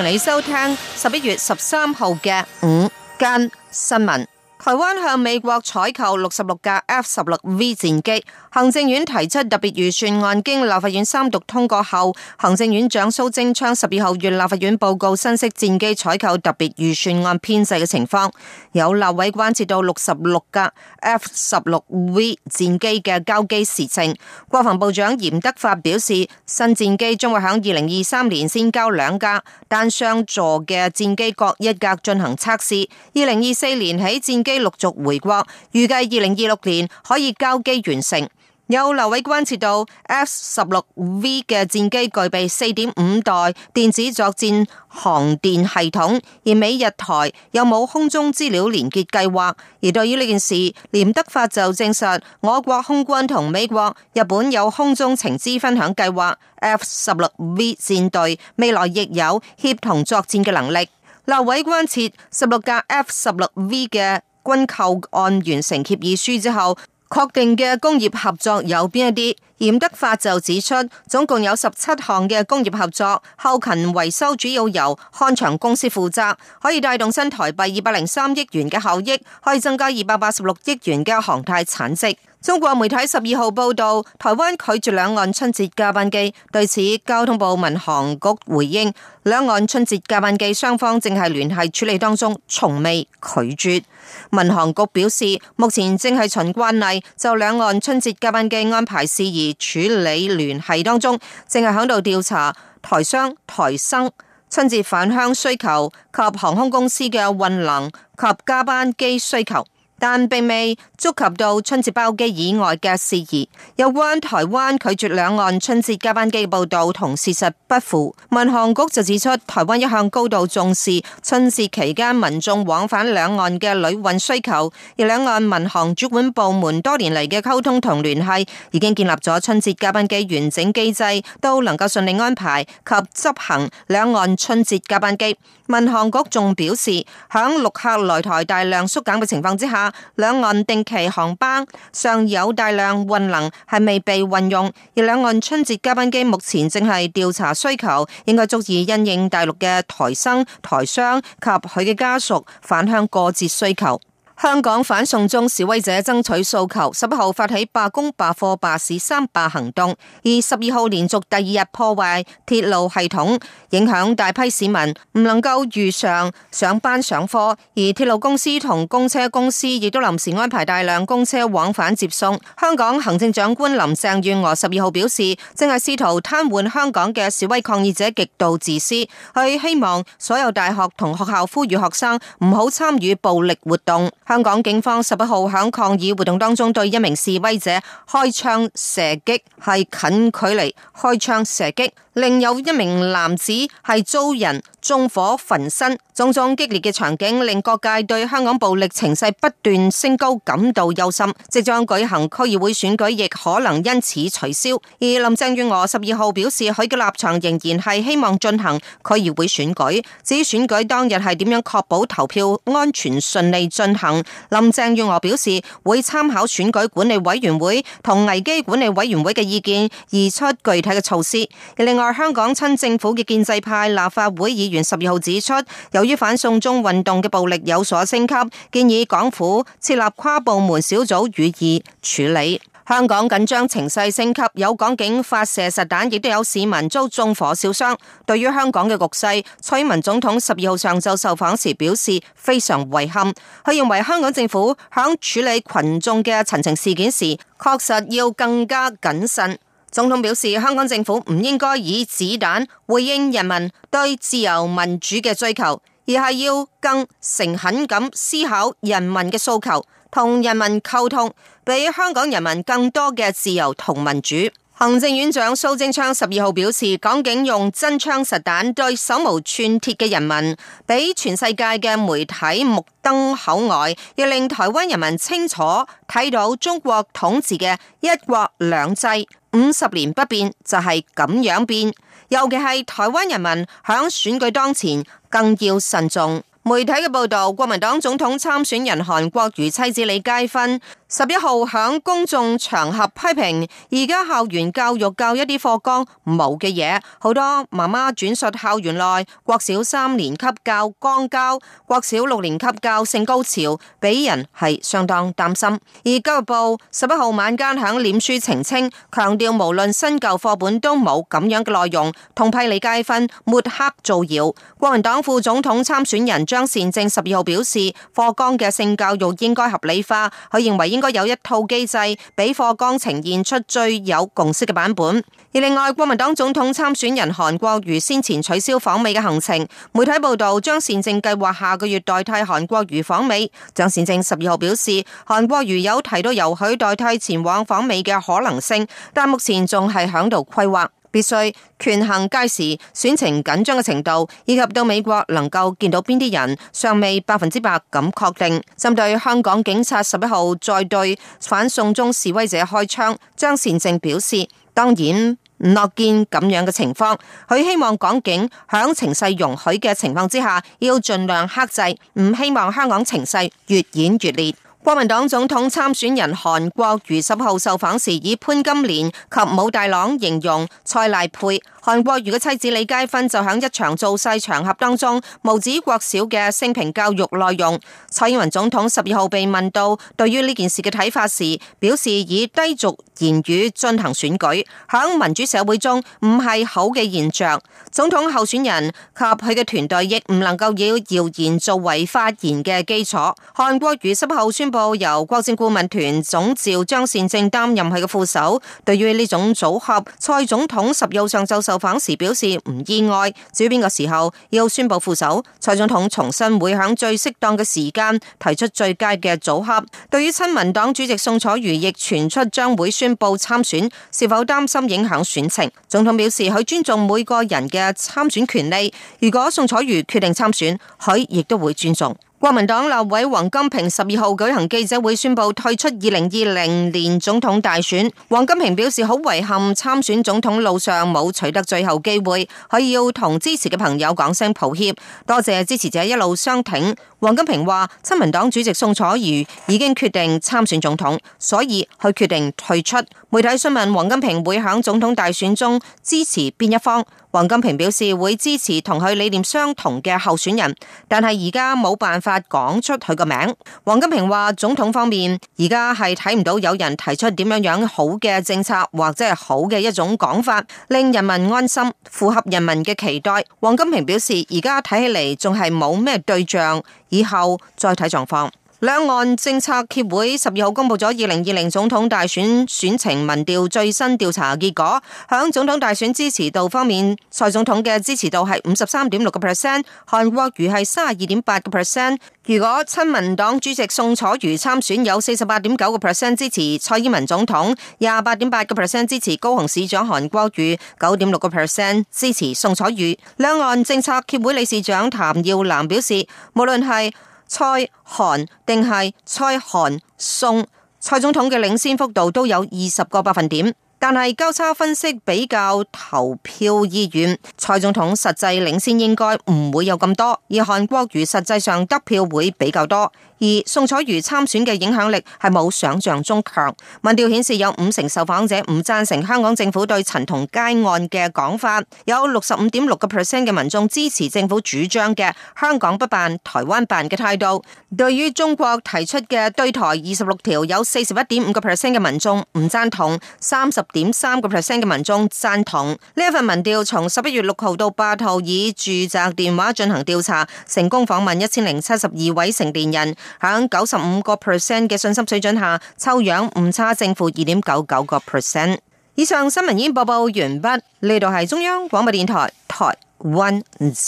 歡迎你收聽十一月十三號嘅午間新聞。台灣向美國採購六十六架 F 十六 V 戰機，行政院提出特別預算案，經立法院三讀通過後，行政院長蘇貞昌十二號於立法院報告，新式戰機採購特別預算案編製嘅情況，有立委關切到六十六架 F 十六 V 戰機嘅交機時程。國防部長嚴德發表示，新戰機將會喺二零二三年先交兩架，單雙座嘅戰機各一架進行測試。二零二四年起戰機陸續回國，預計二零二六年可以交機完成。有劉偉關切到 F 十六 V 嘅戰機具備四點五代電子作戰航電系統，而美日台有冇空中資料連結計劃？而對於呢件事，廉德法，就證實，我國空軍同美國、日本有空中情資分享計劃，F 十六 V 戰隊未來亦有協同作戰嘅能力。劉偉關切十六架 F 十六 V 嘅。軍購案完成協議書之後，確定嘅工業合作有邊一啲？嚴德發就指出，總共有十七項嘅工業合作，後勤維修主要由漢翔公司負責，可以帶動新台幣二百零三億元嘅效益，可以增加二百八十六億元嘅航太產值。中國媒體十二號報道，台灣拒絕兩岸春節加班機。對此，交通部民航局回應：兩岸春節加班機雙方正係聯繫處理當中，從未拒絕。民航局表示，目前正係循慣例就兩岸春節加班機安排事宜處理聯繫當中，正係響度調查台商、台生春節返鄉需求及航空公司嘅運能及加班機需求。但並未觸及到春節包機以外嘅事宜。有關台灣拒絕兩岸春節加班機報道同事實不符。民航局就指出，台灣一向高度重視春節期間民眾往返兩岸嘅旅運需求，而兩岸民航主管部門多年嚟嘅溝通同聯繫已經建立咗春節加班機完整機制，都能夠順利安排及執行兩岸春節加班機。民航局仲表示，響陸客來台大量縮減嘅情況之下，兩岸定期航班尚有大量運能係未被運用，而兩岸春節加班機目前正係調查需求，應該足以因應大陸嘅台生、台商及佢嘅家屬返鄉過節需求。香港反送中示威者爭取訴求，十一號發起罷工、罷課、罷市三罷行動，而十二號連續第二日破壞鐵路系統，影響大批市民唔能夠如常上班、上課，而鐵路公司同公車公司亦都臨時安排大量公車往返接送。香港行政長官林鄭月娥十二號表示，正係試圖癱瘓香港嘅示威抗議者極度自私，佢希望所有大學同學校呼籲學生唔好參與暴力活動。香港警方十一日喺抗議活動當中對一名示威者開槍射擊，係近距離開槍射擊。另有一名男子係遭人縱火焚身，種種激烈嘅場景令各界對香港暴力情勢不斷升高感到憂心。即將舉行區議會選舉，亦可能因此取消。而林鄭月娥十二號表示，佢嘅立場仍然係希望進行區議會選舉。至於選舉當日係點樣確保投票安全順利進行，林鄭月娥表示會參考選舉管理委員會同危機管理委員會嘅意見，移出具體嘅措施。另外，香港親政府嘅建制派立法會議員十二號指出，由於反送中運動嘅暴力有所升級，建議港府設立跨部門小組予以處理。香港緊張情勢升級，有港警發射實彈，亦都有市民遭縱火燒傷。對於香港嘅局勢，蔡英文總統十二號上晝受訪時表示非常遺憾，佢認為香港政府響處理群眾嘅陳情事件時，確實要更加謹慎。總統表示，香港政府唔應該以子彈回應人民對自由民主嘅追求，而係要更誠懇咁思考人民嘅訴求，同人民溝通，俾香港人民更多嘅自由同民主。行政院長蘇貞昌十二號表示，港警用真槍實彈對手無寸鐵嘅人民，俾全世界嘅媒體目瞪口呆，亦令台灣人民清楚睇到中國統治嘅一國兩制五十年不變就係咁樣變。尤其係台灣人民響選舉當前，更要慎重。媒體嘅報道，國民黨總統參選人韓國瑜妻子李佳芬。十一號喺公衆場合批評而家校園教育教一啲課綱冇嘅嘢，好多媽媽轉述校園內國小三年級教肛交，國小六年級教性高潮，俾人係相當擔心。而教育部十一號晚間喺臉書澄清，強調無論新舊課本都冇咁樣嘅內容，同批理街分抹黑造謠。國民黨副總統參選人張善政十二號表示，課綱嘅性教育應該合理化，佢認為應。應該有一套機制，比課綱呈現出最有共識嘅版本。而另外，國民黨總統參選人韓國瑜先前取消訪美嘅行程，媒體報道張善政計劃下個月代替韓國瑜訪美。張善政十二號表示，韓國瑜有提到由佢代替前往訪美嘅可能性，但目前仲係響度規劃。必須權衡屆時選情緊張嘅程度，以及到美國能夠見到邊啲人，尚未百分之百咁確定。針對香港警察十一號再對反送中示威者開槍，張善政表示，當然唔樂見咁樣嘅情況，佢希望港警響情勢容許嘅情況之下，要盡量克制，唔希望香港情勢越演越烈。國民黨總統參選人韓國瑜十號受訪時，以潘金蓮及武大郎形容蔡賴配。韓國瑜嘅妻子李佳芬就喺一場造勢場合當中，無止國小嘅升平教育內容。蔡英文總統十二號被問到對於呢件事嘅睇法時，表示以低俗言語進行選舉，喺民主社會中唔係好嘅現象。總統候選人及佢嘅團隊亦唔能夠以謠言作為發言嘅基礎。韓國瑜十號宣布由國政顧問團總召張善政擔任佢嘅副手。對於呢種組合，蔡總統十號上晝受訪時表示唔意外。至於邊個時候要宣布副手，蔡總統重申會喺最適當嘅時間提出最佳嘅組合。對於親民黨主席宋楚瑜亦傳出將會宣布參選，是否擔心影響選情？總統表示佢尊重每個人嘅。參選權利，如果宋楚瑜決定參選，佢亦都會尊重。國民黨立委王金平十二號舉行記者會，宣布退出二零二零年總統大選。王金平表示好遺憾，參選總統路上冇取得最後機會，佢要同支持嘅朋友講聲抱歉，多謝支持者一路相挺。王金平話，親民黨主席宋楚瑜已經決定參選總統，所以佢決定退出。媒體詢問王金平會喺總統大選中支持邊一方，王金平表示會支持同佢理念相同嘅候選人，但係而家冇辦法講出佢個名。王金平話，總統方面而家係睇唔到有人提出點樣樣好嘅政策或者係好嘅一種講法，令人民安心，符合人民嘅期待。王金平表示，而家睇起嚟仲係冇咩對象。以後再睇狀況。兩岸政策協會十二號公布咗二零二零總統大選選情民調最新調查結果，響總統大選支持度方面，蔡總統嘅支持度係五十三點六個 percent，韓國瑜係卅二點八個 percent。如果親民黨主席宋楚瑜參選有，有四十八點九個 percent 支持蔡英文總統，廿八點八個 percent 支持高雄市長韓國瑜，九點六個 percent 支持宋楚瑜。兩岸政策協會理事長譚耀南表示，無論係。蔡韓定係蔡韓宋，蔡總統嘅領先幅度都有二十個百分點。但係交叉分析比較投票意願，蔡總統實際領先應該唔會有咁多，而韓國瑜實際上得票會比較多。而宋楚瑜參選嘅影響力係冇想像中強。民調顯示有五成受訪者唔贊成香港政府對陳同佳案嘅講法，有六十五點六個 percent 嘅民眾支持政府主張嘅香港不辦、台灣辦嘅態度。對於中國提出嘅對台二十六條，有四十一點五個 percent 嘅民眾唔贊同，三十點三個 percent 嘅民眾讚同呢一份民調，從十一月六號到八號以住宅電話進行調查，成功訪問一千零七十二位成年人，響九十五個 percent 嘅信心水準下抽樣誤差正負二點九九個 percent。以上新聞已經播報完畢，呢度係中央廣播電台台灣。Z